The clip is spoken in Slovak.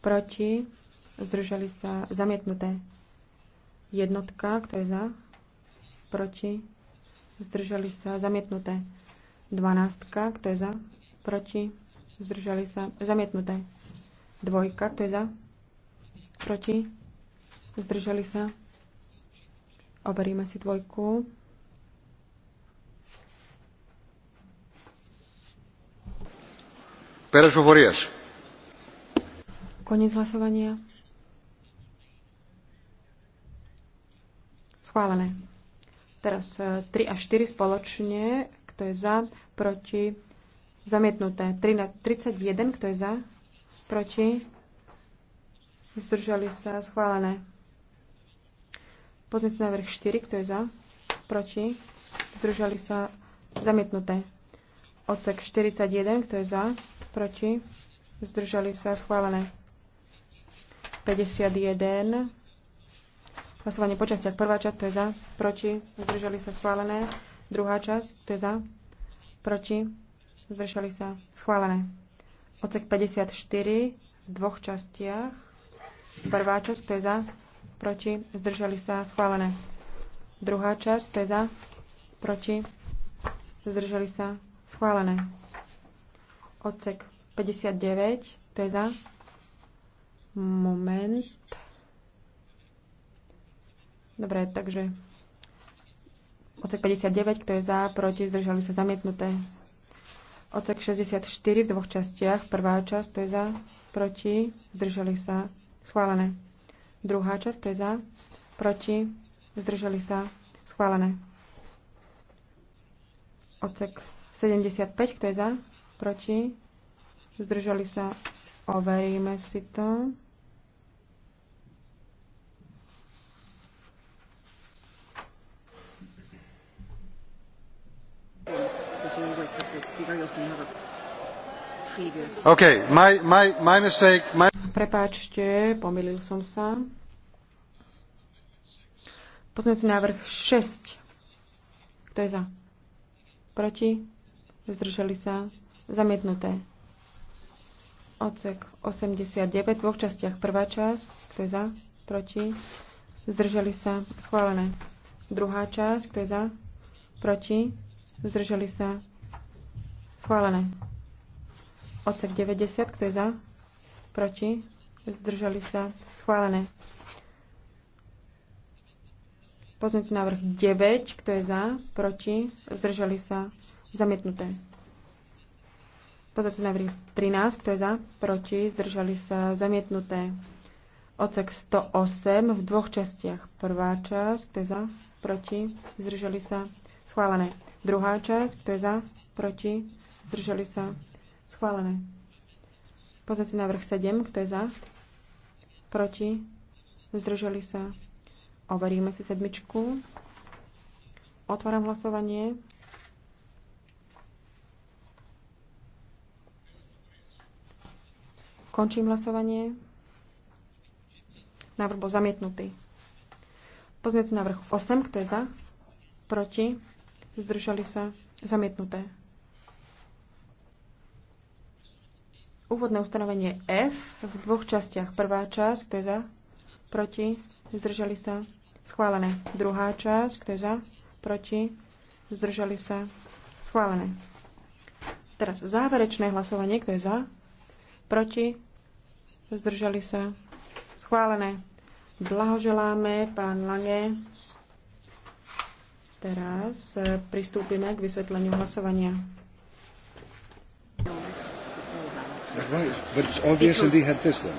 proti, zdržali sa zamietnuté. Jednotka, kto je za, proti, zdržali sa zamietnuté. Dvanáctka, kto je za, proti, zdržali sa zamietnuté. Dvojka, kto je za, proti, zdržali sa. Overíme si dvojku. Pérez Fovorias. Konec hlasovania. Schválené. Teraz 3 e, a 4 spoločne. Kto je za? Proti? Zamietnuté. 3 na 31. Kto je za? Proti? Zdržali sa. Schválené. Pozrite návrh 4. Kto je za? Proti? Zdržali sa. Zamietnuté. Odsek 41. Kto je za? Proti? Zdržali sa. Schválené. 51. Hlasovanie po častiach. Prvá časť, to je za, proti, zdržali sa schválené. Druhá časť, to je za, proti, zdržali sa schválené. Ocek 54 v dvoch častiach. Prvá časť, to je za, proti, zdržali sa schválené. Druhá časť, to je za, proti, zdržali sa schválené. Ocek 59, to je za, Moment. Dobre, takže odsek 59, kto je za, proti, zdržali sa zamietnuté. Odsek 64 v dvoch častiach. Prvá časť, to je za, proti, zdržali sa, schválené. Druhá časť, to je za, proti, zdržali sa, schválené. Odsek 75, kto je za, proti, zdržali sa, overíme si to. my, my, my mistake, my... Prepáčte, pomýlil som sa. Pozmeňujúci návrh 6. Kto je za? Proti? Zdržali sa? Zamietnuté. Ocek 89 v dvoch častiach. Prvá časť. Kto je za? Proti? Zdržali sa? Schválené. Druhá časť. Kto je za? Proti? Zdržali sa? Schválené. Odsek 90, kto je za? Proti? Zdržali sa? Schválené. Pozmeňujúci návrh 9, kto je za? Proti? Zdržali sa? Zamietnuté. Pozmeňujúci návrh 13, kto je za? Proti? Zdržali sa? Zamietnuté. Odsek 108 v dvoch častiach. Prvá časť, kto je za? Proti? Zdržali sa? Schválené. Druhá časť, kto je za? Proti? Zdržali sa? Schválené. Pozrite návrh 7. Kto je za? Proti? Zdržali sa? Overíme si sedmičku. Otváram hlasovanie. Končím hlasovanie. Návrh bol zamietnutý. Pozmeňujúci návrh 8. Kto je za? Proti? Zdržali sa? Zamietnuté. úvodné ustanovenie F v dvoch častiach. Prvá časť, kto je za, proti, zdržali sa, schválené. Druhá časť, kto je za, proti, zdržali sa, schválené. Teraz záverečné hlasovanie, kto je za, proti, zdržali sa, schválené. Blahoželáme, pán Lange. Teraz eh, pristúpime k vysvetleniu hlasovania. Right, but it's obvious that they had this then.